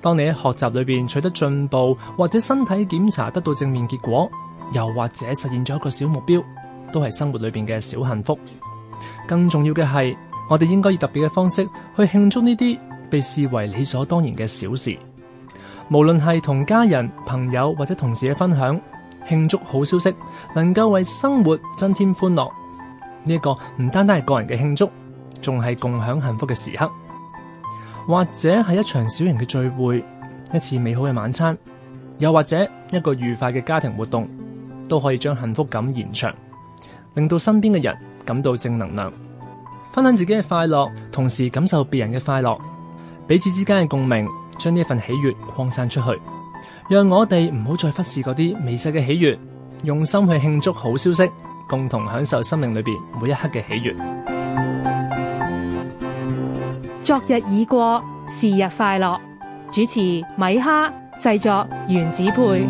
當你喺學習裏邊取得進步，或者身體檢查得到正面結果，又或者實現咗一個小目標，都係生活裏邊嘅小幸福。更重要嘅係，我哋應該以特別嘅方式去慶祝呢啲被視為理所當然嘅小事。無論係同家人、朋友或者同事嘅分享，慶祝好消息，能夠為生活增添歡樂。呢個唔單單係個人嘅慶祝，仲係共享幸福嘅時刻。或者係一場小型嘅聚會，一次美好嘅晚餐，又或者一個愉快嘅家庭活動，都可以將幸福感延長，令到身邊嘅人感到正能量。分享自己嘅快樂，同時感受別人嘅快樂，彼此之間嘅共鳴，將呢份喜悅擴散出去，讓我哋唔好再忽視嗰啲微細嘅喜悅，用心去慶祝好消息，共同享受生命裏面每一刻嘅喜悅。昨日已過，是日快樂。主持米哈，製作原子配。